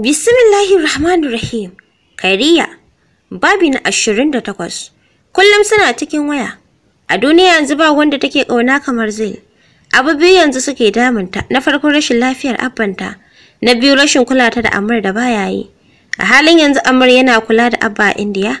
Bismillahir Rahmanir Rahim. Kariya. Babi na 28. Kullum suna cikin waya. A duniya yanzu ba wanda take ƙauna kamar Zail. Abu biyu yanzu suke damunta. Na farko rashin lafiyar abbanta, na biyu rashin kula ta da amur da baya yi. A halin yanzu amur yana kula da Abba a Indiya.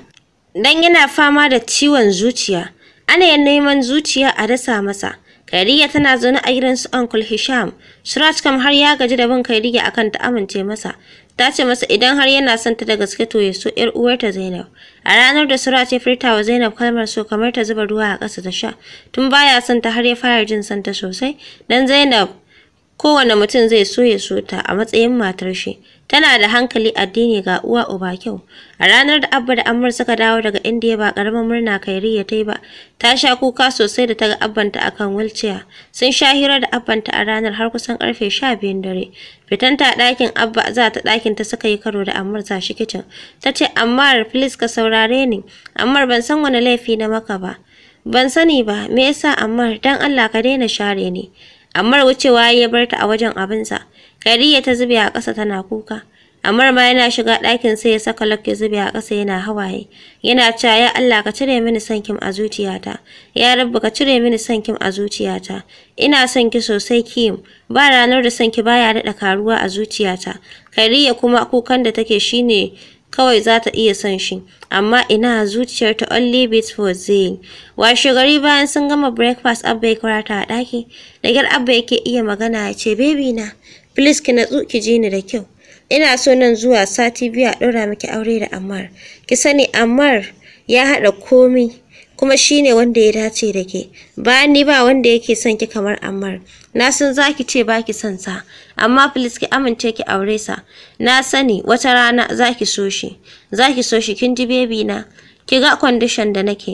Dan yana fama da ciwon zuciya. Ana neman zuciya a dasa masa. Kariya tana zaune a gidan su Uncle Hisham. Suraj har ya gaji da bin Kariya akan ta amince masa. ta ce masa idan har yana son ta da gaske to ya so ‘yar uwarta Zainab. A ranar da Sura ce wa Zainab kalmar so kamar ta zuba ruwa a ƙasa ta sha, tun baya son ta har ya fara jin son ta sosai, dan Zainab kowane mutum zai so ya so ta a matsayin matar shi tana da hankali addini ga uwa uba kyau a ranar da abba da ammar suka dawo daga indiya ba karamin murna ya ta yi ba ta sha kuka sosai da ta ga abbanta akan wilciya sun sha hira da abbanta a ranar har kusan karfe sha biyun dare fitan ta ɗakin abba za ta ɗakin ta suka yi karo da ammar za shi kicin ta ce ammar please ka saurare ni amma ban san wani laifi na maka ba ban sani ba me yasa amma dan allah ka daina share ni Ammar wucewa ya bar ta a wajen abinsa. Kariya ta zube a ƙasa tana kuka. Ammar ma yana shiga ɗakin sai ya saka lock ya zube a ƙasa yana hawaye. Yana cewa ya Allah ka cire mini son kim a zuciyata. Ya Rabbu ka cire mini son kim a zuciyata. Ina son ki sosai kim. Ba ranar da son ki baya daɗa karuwa a zuciyata. Kairiya kuma kukan da take shine kawai za ta iya son shi, amma ina zuciyar ta only beat for zeal. Washe gari bayan sun gama breakfast Abba ya kira ta a ɗaki, da Abba yake iya magana ya ce, Baby na, please ki natsu ki ji ni da kyau. Ina so nan zuwa sati biyu a ɗora miki aure da Ammar. Ki sani Ammar ya haɗa komi kuma shine wanda ya dace da ke bayan ni ba wanda yake son ki kamar Ammar na san zaki ce baki son sa amma please ki amince ki aure sa na sani wata rana zaki so shi zaki so shi kin ji baby na ki ga condition da nake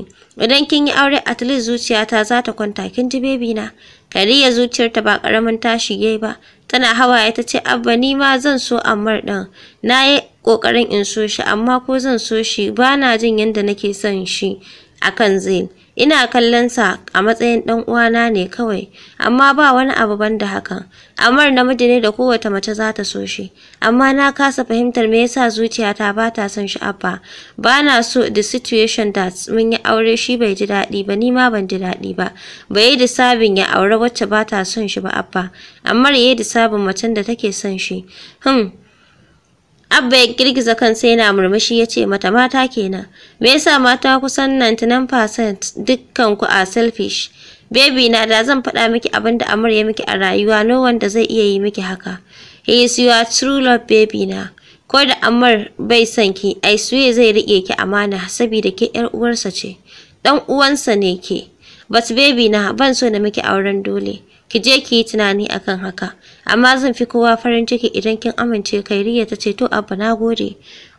idan kin yi aure at least zuciyata za ta kwanta kin ji baby na kariya zuciyarta ba karamin tashi yayi ba tana hawa ta ce abba ni ma zan so Ammar din na yi kokarin in so shi amma ko zan so shi ba na jin yadda nake son shi akan Zain. Ina kallon sa a matsayin ɗan uwana ne kawai, amma ba wani abu banda hakan. Amar namiji ne da kowace mace za ta so shi, amma na kasa fahimtar me yasa zuciyata ba ta son shi abba. Ba na so the situation that mun yi aure shi bai ji daɗi ba, ni ma ban ji daɗi ba. Bai yi sabin ya aure wacce ba ta son shi ba abba, Amar ya yi disabin macen da take son shi. Hmm, Abba ya girgiza kansa yana murmushi ya ce mata mata kenan. Me yasa mata kusan 99% dukkan ku a selfish. Baby na da zan faɗa miki abin da Amur ya miki a rayuwa no wanda zai iya yi miki haka. He is your true love baby na. Ko da Amur bai son ki, I swear zai riƙe ki amana saboda ke ƴar uwarsa ce. Dan uwansa ne ke. But baby na ban so na miki auren dole. ki je ki yi tunani akan haka amma zan fi kowa farin ciki idan kin amince kairiya ta ce to abba na gode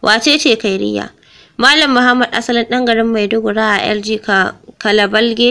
wace ce kairiya malam muhammad asalin dan garin maiduguri a lg ka kalabalge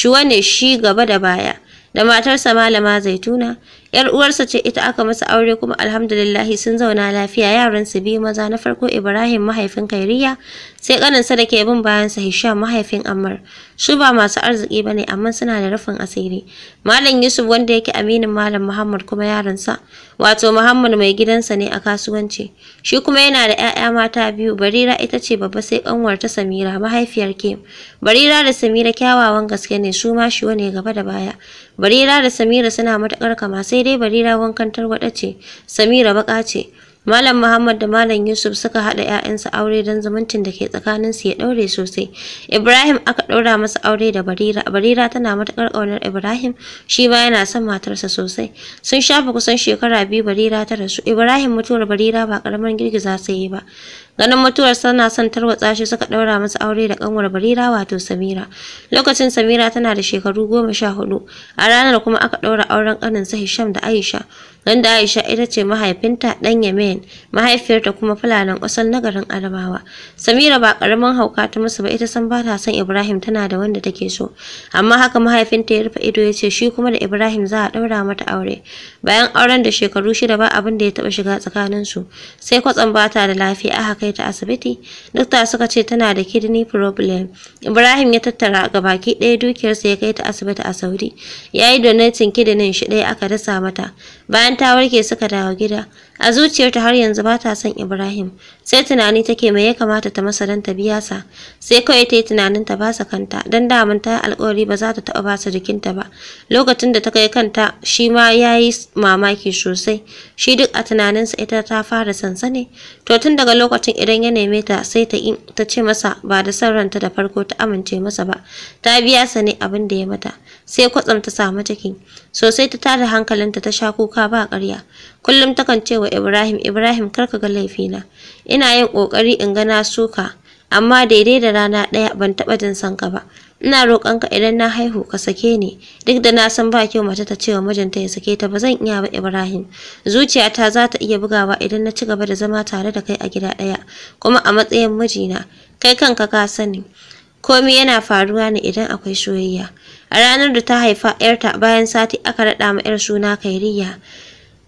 shuwa ne shi gaba da baya da matarsa malama zaituna yar uwarsa ce ita aka masa aure kuma alhamdulillahi sun zauna lafiya yaran su biyu maza na farko Ibrahim mahaifin Kairiya sai kaninsa da ke bin bayan sa Hisham mahaifin Ammar su ba masu arziki bane amma suna da rufin asiri Malam Yusuf wanda yake aminin Malam Muhammad kuma yaransa, wato Muhammad mai gidansa ne a kasuwanci shi kuma yana da 'ya'ya mata biyu Barira ita ce babba sai kanwar ta Samira mahaifiyar Kim Barira da Samira kyawawan gaske ne su ma shi ne gaba da baya Barira da Samira suna matakar kama sai dai barira wankan tarwaɗa ce samira baka ce Malam Muhammad da Malam Yusuf suka haɗa ƴaƴansa aure don zumuncin da ke tsakanin su ya ɗaure sosai. Ibrahim aka ɗaura masa aure da Barira. Barira tana matuƙar ƙaunar Ibrahim, shi ma yana son matarsa sosai. Sun shafe kusan shekara biyu Barira ta rasu. Ibrahim mutuwar Barira ba ƙaramin girgiza sai ba. ganin mutuwar sana son tarwatsa shi suka ɗaura masa aure da kanwar barira wato samira lokacin samira tana da shekaru goma sha hudu a ranar kuma aka ɗaura auren ƙaninsa hisham da aisha wanda Aisha ita ce mahaifinta dan Yemen, mahaifiyarta kuma fulanin ƙasar na garin Samira ba karamin hauka ta musu ba ita san ba ta son Ibrahim tana da wanda take so. Amma haka mahaifinta ya rufe ido ya ce shi kuma da Ibrahim za a ɗaura mata aure. Bayan auren da shekaru shida ba abin da ya taɓa shiga tsakaninsu. Sai kwatsam bata da lafiya haka. kai ta asibiti dokta suka ce tana da kidney problem ibrahim ya tattara gabaki ɗaya dukiyarsa ya kai ta asibiti a saudi ya yi donatin kidinin shi ɗaya aka dasa mata bayan ta warke suka dawo gida a zuciyarta har yanzu ba ta son Ibrahim sai tunani take mai ya kamata ta masa don ta biya sa sai kawai ta yi tunanin ta basa kanta don daman ta yi alkawari ba za ta taɓa basa jikinta ba lokacin da ta kai kanta shi ma ya yi mamaki sosai shi duk a tunaninsa ita ta fara sansani to tun daga lokacin idan ya neme ta sai ta ta ce masa ba da son ranta da farko ta amince masa ba ta biya sa ne abin da ya mata sai kwatsam ta samu ciki sosai ta tada hankalinta ta sha kuka ba ƙarya kullum takan ce wa Ibrahim Ibrahim kar ka ga laifina ina yin ƙoƙari in ga na suka amma daidai da rana ɗaya ban taɓa jin son ka ba ina ka idan na haihu ka sake ni duk da na san ba kyau mace ta ce wa mijinta ya sake ta ba zan iya ba Ibrahim zuciyata za ta iya bugawa idan na ci gaba da zama tare da kai a gida ɗaya kuma a matsayin mijina kai kanka ka sani komai yana faruwa ne idan akwai soyayya a ranar da ta haifa 'yarta bayan sati aka raɗa ma 'yar suna kairiyya.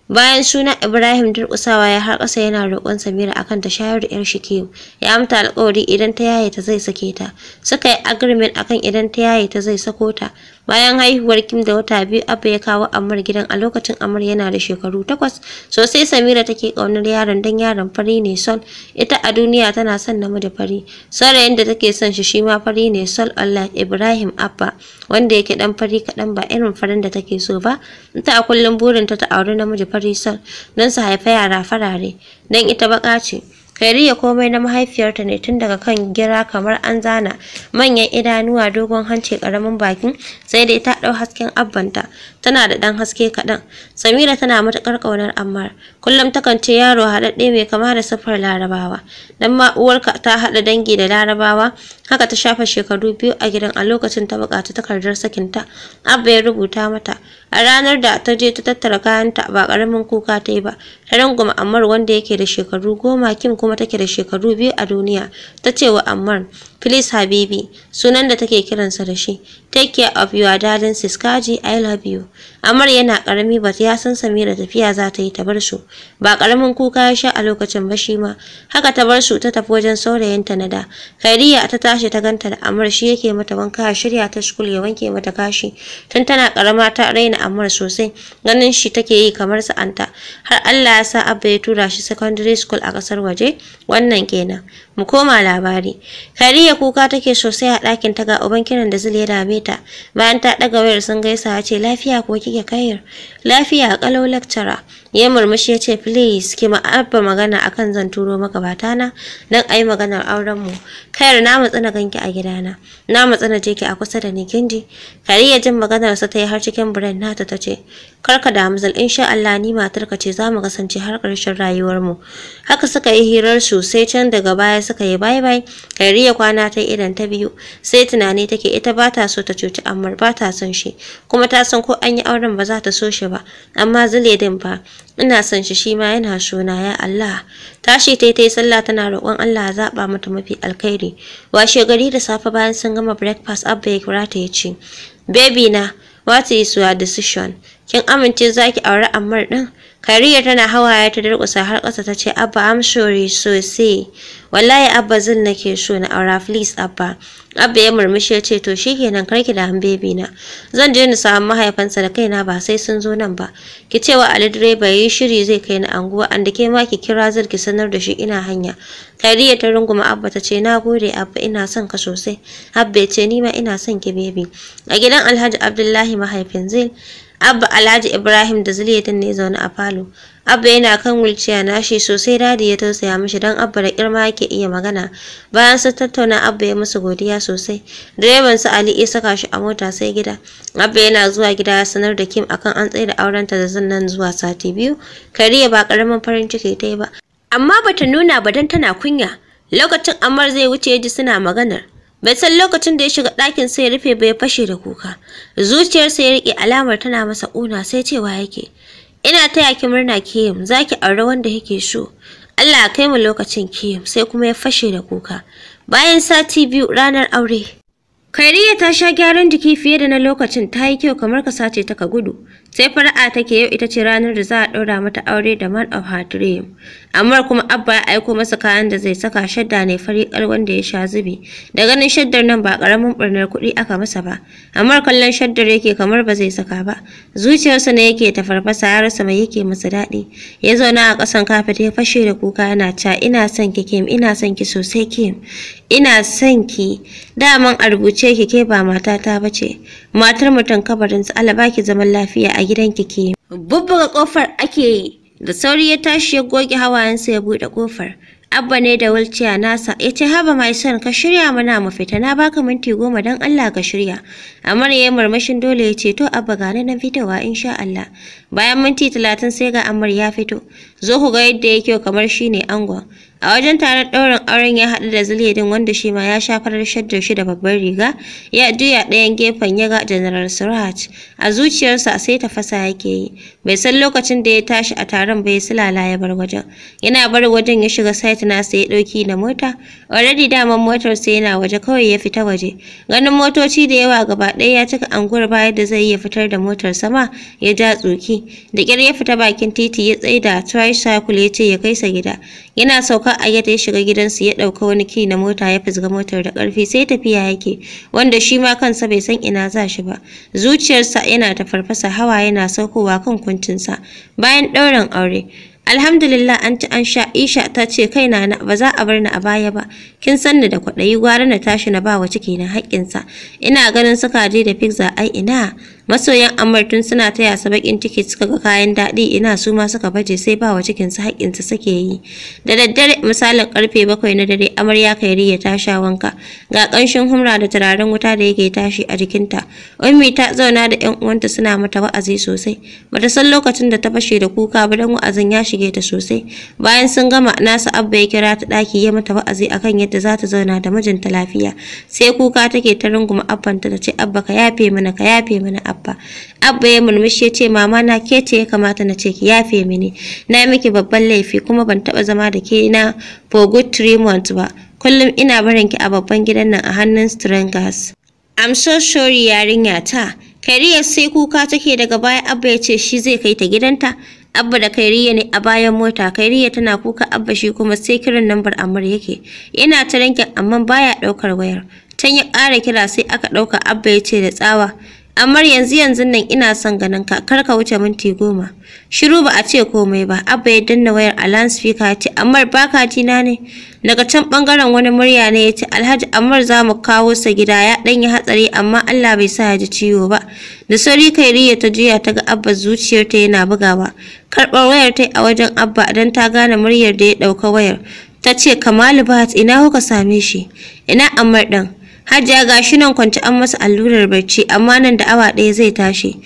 Bayan suna Ibrahim durƙusawa ya har ƙasa yana roƙon Samira akan ta shayar da 'yar shi kiwo. Ya mutu alƙawari idan ta yaye ta zai sake ta. Suka yi agreement akan idan ta yaye ta zai sako ta. bayan haihuwar kim da wata biyu abba ya kawo amar gidan a lokacin amar yana da shekaru takwas sosai samira take ƙaunar yaron don yaron fari ne sol ita a duniya tana son namiji fari saurayin da take son shi shi ma fari ne sol allah ibrahim abba wanda yake dan fari kaɗan ba irin farin da take so ba ita a kullum burinta ta auri namiji fari sol don su haifa yara farare don ita baƙa ce ya komai na mahaifiyarta ne tun daga kan gira kamar an zana manyan idanuwa dogon hanci karamin bakin sai dai ta dau hasken abbanta tana da ɗan haske kaɗan. Samira tana matuƙar ƙaunar Ammar, kullum takan ce yaro haɗaɗɗe mai kama da siffar Larabawa. Dan ma uwarka ta haɗa dangi da Larabawa, haka ta shafa shekaru biyu a gidan a lokacin ta buƙaci takardar sakin ta Abba ya rubuta mata. A ranar da ta je ta tattara kayanta ba karamin kuka ta yi ba, ta ranguma Ammar wanda yake da shekaru goma Kim kuma take da shekaru biyu a duniya. Ta ce wa Ammar, Please Habibi, sunan da take kiransa da shi. Take care of your darling Siskaji, I love you. Amar yana karami bata ya san Samira tafiya za ta yi ta bar su. Ba karamin kuka ya sha a lokacin ba shi ma. Haka ta bar su ta tafi wajen saurayinta na da. Khairiya ta tashi ta ganta da Amar shi yake mata wanka ya shirya ta shkul ya wanke mata kashi. Tun tana karama ta raina Amar sosai. Ganin shi take yi kamar sa'anta. Har Allah ya sa Abba ya tura shi secondary school a kasar waje. Wannan kenan. Mu koma labari. Khairiya kuka take sosai a ɗakin ta ga uban kiran da zule ya dame ta. Bayan ta ɗaga wayar sun gaisa ce lafiya ko kike kayar? Lafiya a kalau lecturer. ya murmushi ya ce please ki abba magana akan zan turo maka batana dan ayi maganar auren mu kayar na matsa na ganki a gidana na matsa na je a kusa da ni kinji ya jin maganar sa ta yi har cikin brain nata ta ce karka da hamzal insha Allah ni matar ka ce zamu kasance har karshen rayuwar mu haka suka yi hirar su sai can daga baya suka yi bye bye kariya kwana ta idan ta biyu sai tunani take ita ba ta so ta cuci amma ba ta son shi kuma ta san ko an yi auren ba za ta so shi ba amma zile din fa ina son shi shi ma yana shona ya Allah tashi tai tai sallah tana roƙon Allah ya zaba mata mafi alkhairi washe gari da safe bayan sun gama breakfast abba ya kira ta yace baby na what is your decision kin amince zaki aure Ammar din Kariya tana hawaye ta durƙusa har ƙasa ta ce Abba I'm sorry so say wallahi Abba zan nake so na aura please Abba Abba ya murmushi ya ce to shikenan ki da han baby na zan je ni samu mahaifinsa da kaina ba sai sun zo nan ba ki ce wa Ali direba yi shiri zai kai ni anguwa an ke ma ki kira zan ki sanar da shi ina hanya Kariya ta runguma Abba ta ce na gode Abba ina son ka sosai Abba ya ce ni ma ina son ki baby a gidan Alhaji Abdullahi mahaifin Zil Abba Alhaji Ibrahim da Zuliyatan ne zaune a falo. Abba yana kan wulciya nashi sosai dadi ya tausaya mishi don Abba da kirma yake iya magana. Bayan sun tattauna Abba ya musu godiya sosai. Direban su Ali ya saka shi a mota sai gida. Abba yana zuwa gida ya sanar da Kim akan an tsaye da aurenta da zan nan zuwa sati biyu. Kariya ba karamin farin ciki ta yi ba. Amma bata nuna ba dan tana kunya. Lokacin Amar zai wuce ya ji suna maganar. bai san lokacin da ya shiga ɗakin sai ya rufe bai fashe da kuka zuciyarsa ya riƙe alamar tana masa ƙuna sai cewa yake ina taya ki murna kiyim za ki aure wanda yake so Allah ya kai mu lokacin kiyim sai kuma ya fashe da kuka bayan sati biyu ranar aure Khairiyya ta sha gyaran jiki fiye da na lokacin ta yi kyau kamar ka sace ta ka gudu sai fara'a take yau ita ce ranar da za a ɗora mata aure da man of her dream amma kuma abba ya aiko masa kayan da zai saka shadda ne fariƙar wanda ya sha zubi da ganin shaddar nan ba ƙaramin ɓarnar kuɗi aka masa ba amma kallon shaddar yake kamar ba zai saka ba zuciyarsa ne yake ta farfasa ya rasa mai yake masa daɗi ya zauna a ƙasan kafet ya fashe da kuka yana ca ina son ki kim ina son ki sosai kim ina son ki daman a rubuce ki ke ba matata ba ce matar mutum kabarin su ba ki zaman lafiya a gidanki ke. Bubbuga kofar ake yi, da sauri ya tashi ya goge hawayensa ya buɗe kofar. Abba ne da walciya nasa ya ce haba mai son ka shirya mana mu fita na baka minti goma don Allah ka shirya. Amar ya yi murmushin dole ya ce to Abba gane na fitowa insha Allah. Bayan minti talatin sai ga Amar ya fito. Zo ku ga yadda yake kamar shine angon. A wajen taron ɗaurin auren ya haɗu da Zuliyadin wanda shi ma ya sha farar shaddar shi da babbar riga, ya juya ɗayan gefen ya ga General Suraj. A zuciyarsa sai ta fasa yake yi. Bai san lokacin da ya tashi a taron bai silala ya bar wajen. Yana bar wajen ya shiga site sai ya ɗauki da mota. Already daman motar sai yana waje kawai ya fita waje. Ganin motoci da yawa gaba ɗaya ya cika unguwar bayan da zai iya fitar da motar sama ya ja tsoki. Da ƙyar ya fita bakin titi ya tsaida tricycle ya ce ya kai sa gida. Yana sauka fa ayyata ya shiga gidansu ya ɗauka wani ki na mota ya fizga motar da ƙarfi sai tafiya yake wanda shi ma kansa bai san ina za shi ba zuciyarsa yana ta farfasa hawa yana saukowa kan kuncinsa bayan ɗaurin aure Alhamdulillah an ci an sha Isha ta ce kai na ba za a bar ni a baya ba kin san ni da kwaɗayi gwara na tashi na ba wa ciki na haƙƙinsa ina ganin suka je da pizza ai ina masoyan amartun suna taya su bakin ciki suka ga kayan daɗi ina su ma suka baje sai ba wa cikin su haƙƙin su suke yi da daddare misalin karfe bakwai na dare amarya kairi ya tasha wanka ga ƙanshin humra da turaren wuta da yake tashi a jikinta ummi ta zauna da ƴan uwanta suna mata wa'azi sosai bata san lokacin da ta fashe da kuka ba dan wa'azin ya shige ta sosai bayan sun gama nasu abba ya kira ta ɗaki ya mata wa'azi akan yadda za ta zauna da mijinta lafiya sai kuka take ta runguma abbanta da ce abba ka yafe mana ka yafe mana abba abba abba ya murmushi ya ce mama na ke ce ya kamata na ce ki yafe mini na yi miki babban laifi kuma ban taba zama da ke na for good ba kullum ina barin ki a babban gidan nan a hannun strangers i'm so sorry yarinya ta Kariya sai kuka take daga baya abba ya ce shi zai kai ta gidanta Abba da Kairiya ne a bayan mota. Kairiya tana kuka Abba shi kuma sai kiran lambar Amur yake. Ina ta amma baya ɗaukar wayar. Tan ya ƙara kira sai aka ɗauka Abba ya ce da tsawa. amma yanzu yanzu nan ina son ganin ka kar ka wuce minti goma shiru ba a ce komai ba abba ya danna wayar a ya ce amma baka na ne daga can bangaren wani murya ne ya ce alhaji amma za mu kawo sa gida ya dan yi hatsari amma allah bai sa ya ji ciwo ba da sauri kairiya ta jiya ta ga abba zuciyarta yana bugawa karbar wayar ta a wajen abba dan ta gane muryar da ya ɗauka wayar ta ce kamalu bat ina kuka same shi ina amma ɗin Hajiya ga shi nan kwanci an masa allurar barci amma nan da awa ɗaya zai tashi.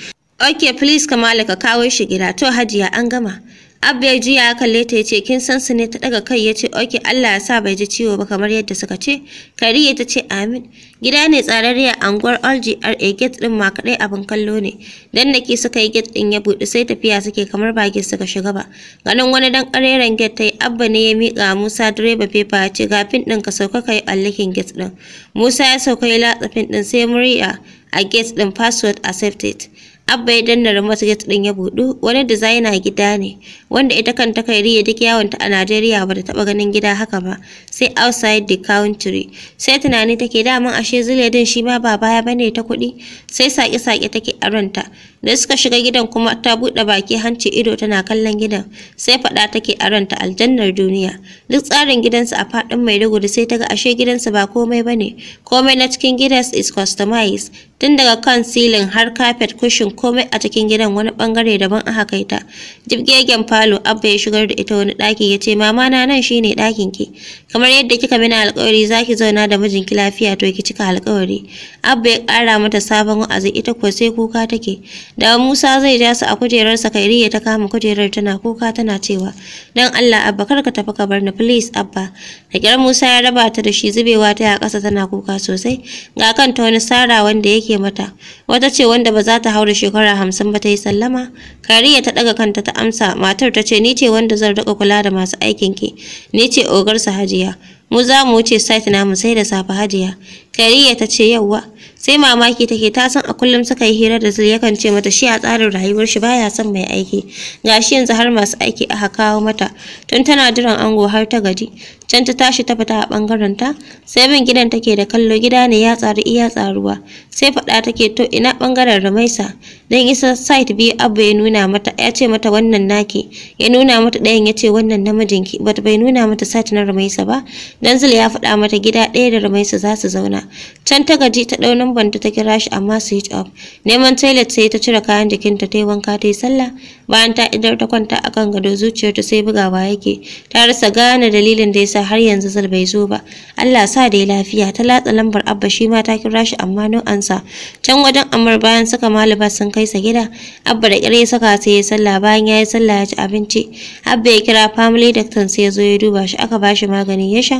Ok please Kamala ka kawo shi gida to Hajiya an gama. Abba ya ji ya kalle ta yace kin san su ne ta daga kai yace oke Allah ya sa bai ji ciwo ba kamar yadda suka ce. Kariya ta ce amin. Gida ne tsararriya a anguwar LGRA gate din ma kadai abin kallo ne. Dan nake suka yi gate din ya buɗe sai tafiya suke kamar ba gate suka shiga ba. Ganin wani dan kareren gate tai Abba ne ya mika Musa direba pepa ya ce ga fin din ka sauka kai allakin gate din. Musa ya sauka ya latsa fin din sai murya a gate din password accepted. Abba ya danna masu gate din ya budu wani designer gida ne wanda ita kanta Kairiya duk yawon ta a Najeriya ba da taba ganin gida haka ba sai outside the country sai tunani take daman ashe zule din shi ma ba baya bane ta kuɗi sai saki saki take aranta da suka shiga gidan kuma ta buɗe baki hanci ido tana kallon gidan sai faɗa take a ranta aljannar duniya duk tsarin gidansa a faɗin mai da sai ta ga ashe gidansa ba komai bane komai na cikin gidan is customized tun daga kan silin har carpet kushin komai a cikin gidan wani bangare daban aka kai ta jibgegen falo abba ya shigar da ita wani ɗaki ya ce mama na nan shine ɗakin ki kamar yadda kika mina alkawari zaki zauna da mijinki lafiya to ki cika alkawari abba ya kara mata sabon wa'azi ita kuwa sai kuka take Da Musa zai ja su a kujerarsa Kairiya ta kama kujerar tana kuka tana cewa, "Dan Allah Abba kar ka tafi ka bar ni please Abba." Da kira Musa ya raba ta da shi zubewa ta a kasa tana kuka sosai. Ga kanta wani sara wanda yake mata. Wata ce wanda ba za ta haura shekara hamsin ba ta yi sallama. Kariya ta ɗaga kanta ta amsa matar ta ce ni ce wanda zan riƙa kula da masu aikin ki. Ni ce ogarsa Hajiya. Mu za mu wuce site mu sai da safa Hajiya. Kariya ta ce yauwa. sai mamaki take ta san a kullum suka yi hira da zai yakan ce mata shi a tsarin rayuwar shi baya son mai aiki gashi yanzu har masu aiki aka kawo mata tun tana jiran ango har ta gaji can ta tashi ta fita a bangaren ta sai bin gidan take da kallo gida ne ya tsaru iya tsaruwa sai faɗa take to ina bangaren Ramaisa? dan isa site biyu Abba ya nuna mata ya ce mata wannan naki ya nuna mata ɗayan ya ce wannan namijinki but bai nuna mata site na Ramaisa ba dan Zul ya faɗa mata gida ɗaya da Ramaisa za su zauna can ta gaji ta ɗaunan numban ta kira shi amma switch off neman toilet sai ta cire kayan jikinta ta yi wanka ta yi sallah bayan ta idar ta kwanta a kan gado zuciyarta sai bugawa yake ta rasa gane dalilin da ya sa har yanzu zal bai zo ba Allah sa dai lafiya ta latsa lambar abba shi ma ta kira shi amma no ansa can wajen amar bayan saka maluba sun kai sa gida abba da kire saka sai ya sallah bayan ya yi sallah ya ci abinci abba ya kira family doctor sai ya zo ya duba shi aka ba shi magani ya sha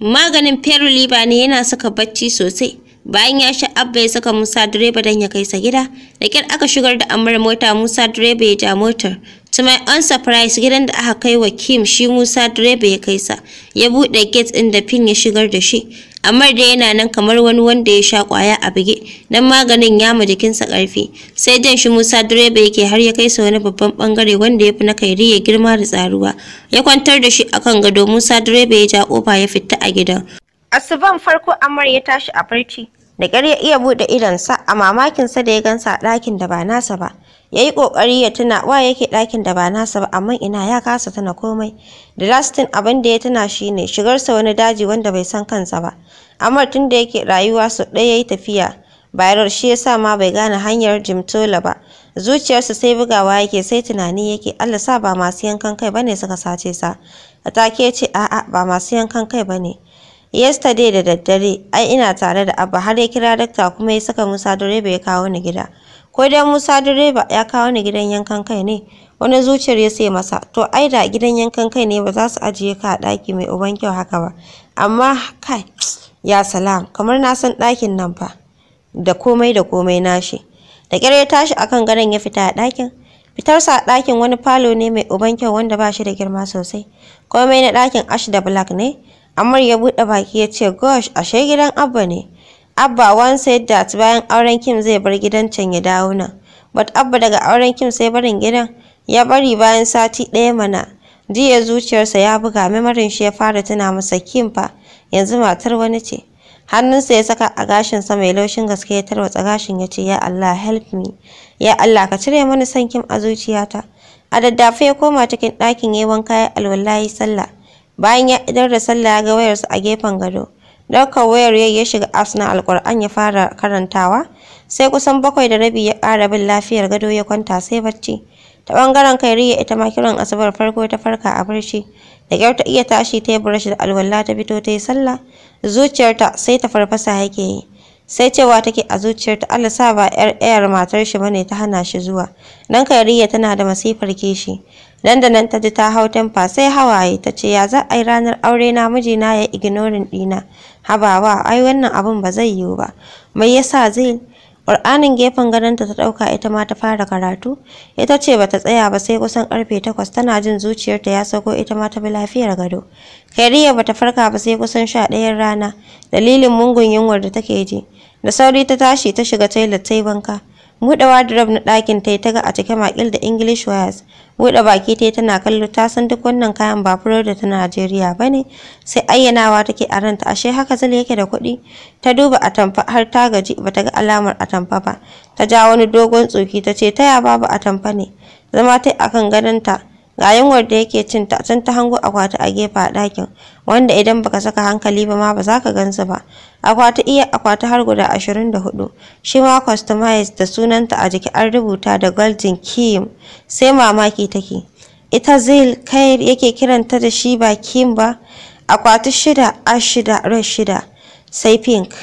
maganin feroliba ne yana saka bacci sosai bayan ya sha abba ya saka musa direba don ya kai sa gida da kyar aka shigar da amara mota musa direba ya ja motar to my own surprise gidan da aka kai wa kim shi musa direba ya kai sa ya buɗe gate ɗin da pin ya shigar da shi amar da yana nan kamar wani wanda ya sha kwaya a bige Dan maganin ya ma jikinsa karfi sai dan shi musa direba yake har ya kai sa wani babban bangare wanda ya fi na kairi ya girma da tsaruwa ya kwantar da shi akan gado musa direba ya ja kofa ya fita a gidan Asuban farko Ammar ya tashi a barci, da ƙyar ya iya buɗe sa, a mamakinsa da ya gansa ɗakin da ba nasa ba. Ya yi ƙoƙari ya tuna wa yake ɗakin da ba nasa ba amma ina ya kasa tuna komai. Da lastin abin da ya tuna shi ne sa wani daji wanda bai san kansa ba. Ammar tun da yake rayuwa su ɗaya ya yi tafiya. Bayar shi ya sa ma bai gane hanyar Jimtola ba. Zuciyarsa sai bugawa yake sai tunani yake Allah sa ba masu yankan kai bane suka sace sa. Atake take ce a'a ba masu yankan kai bane. ne. yesterday da daddare ai ina tare da abba har ya kira dakta kuma ya saka musa direba ya kawo ni gida ko dai musa direba ya kawo ni gidan yankan kai ne wani zuciyar ya sai masa to ai da gidan yankan kai ne ba za su ajiye ka a ɗaki mai uban kyau haka ba amma kai ya salam kamar na san ɗakin nan fa da komai da komai nashi da ƙyar ya tashi akan gadon ya fita a ɗakin Fitarsa a ɗakin wani falo ne mai uban kyau wanda ba shi da girma sosai. Komai na ɗakin ash da black ne, Amar ya buɗe baki ya ce gosh ashe gidan Abba ne. Abba wan said that bayan auren Kim zai bar gidan can ya dawo nan. But Abba daga auren Kim sai barin gidan ya bari bayan sati ɗaya mana. Jiya zuciyarsa ya buga memorin shi ya fara tuna masa Kim fa yanzu matar wani ce. Hannunsa ya saka a gashin sa mai laushin gaske ya tarwatsa gashin ya ce ya Allah help me. Ya Allah ka cire mani son Kim a zuciyata. A daddafe ya koma cikin ɗakin yayi wanka ya alwala sallah. bayan ya idar da sallah ya ga wayarsa a gefen gado ɗaukar wayar yayi ya shiga asna na ya fara karantawa sai kusan bakwai da rabi ya ƙara bin lafiyar gado ya kwanta sai bacci. ta ɓangaren kairiya ita ma kiran asabar farko ta farka a barci da kyau ta iya tashi ta yi brush da alwala ta fito ta yi sallah zuciyarta sai ta farfasa yake yi sai cewa take a zuciyarta Allah sa ba 'yar 'yar matar shi bane ta hana shi zuwa dan kairiya tana da masifar kishi nan da nan ta ji ta hau tamfa sai hawaye ta ce ya za a yi ranar aure na mijina ya ignorin dina? habawa ai wannan abin ba zai yiwu ba mai yasa zai Ƙur'anin gefen gadonta ta ɗauka ita ma ta fara karatu, ita ce bata tsaya ba sai kusan ƙarfe takwas tana jin zuciyarta ya sauko ita ma ta bi lafiyar gado. Kariya bata farka ba sai kusan sha ɗayan rana, dalilin mungun yunwar da take ji. Da sauri ta tashi ta shiga tailar ta yi wanka, buɗe wardrobe na ɗakin ta ta ga a cike makil da english wires buɗe baki ta tana kallo ta san duk wannan kayan ba da ta najeriya ba ne sai ayyanawa take a ranta ashe haka zai yake da kuɗi ta duba atamfa har ta gaji bata ga alamar atamfa ba ta ja wani dogon tsoki ta ce taya babu atamfa ne zama ta akan gadonta ga yunwar da yake cin ta tun ta hango akwati a gefe ɗakin wanda idan baka saka hankali ba ma ba za ka gansu ba akwati iya akwati har guda ashirin 24 shi ma customized da sunanta a jiki an rubuta da golden kim sai mamaki take ita zil kai yake kiranta da shi ba kim ba akwati shida a shida red shida sai pink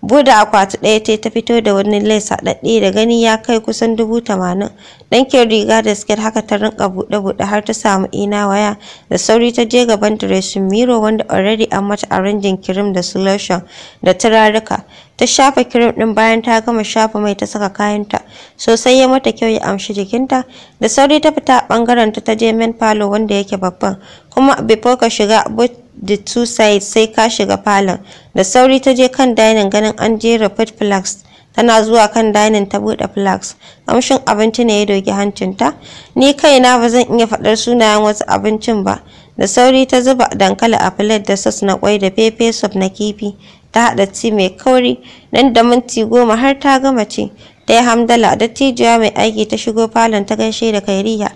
Buda akwati ɗaya ta ta fito da wani lace haɗaɗɗe da gani ya kai kusan dubu tamanin ɗankin riga da siket haka ta rinka buɗe-buɗe har ta samu ina waya da sauri ta je gaban direshin wanda already an mata arrangin kirim da solution da turaruka ta shafa kirim ɗin bayan ta gama shafa mai ta saka kayanta sosai ya mata kyau ya amshi jikinta da sauri ta fita a ɓangaren ta ta je men palo wanda yake babban kuma before ka shiga but the two sides sai ka shiga falon da sauri ta je kan dining ganin an jera food flags tana zuwa kan dining ta bude flags kamshin abinci ne ya doki hancinta ni kaina ba zan iya faɗar sunayen wasu abincin ba da sauri ta zuba dankali a plate da sauce na kwai da pepe soup na kifi ta haɗa ci mai kauri nan da minti goma har ta gama ci ta yi hamdala tijiya mai aiki ta shigo falon ta gaishe da kairiya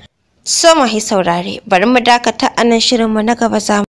so mahi saurare bari mu dakata anan mu na gaba zamu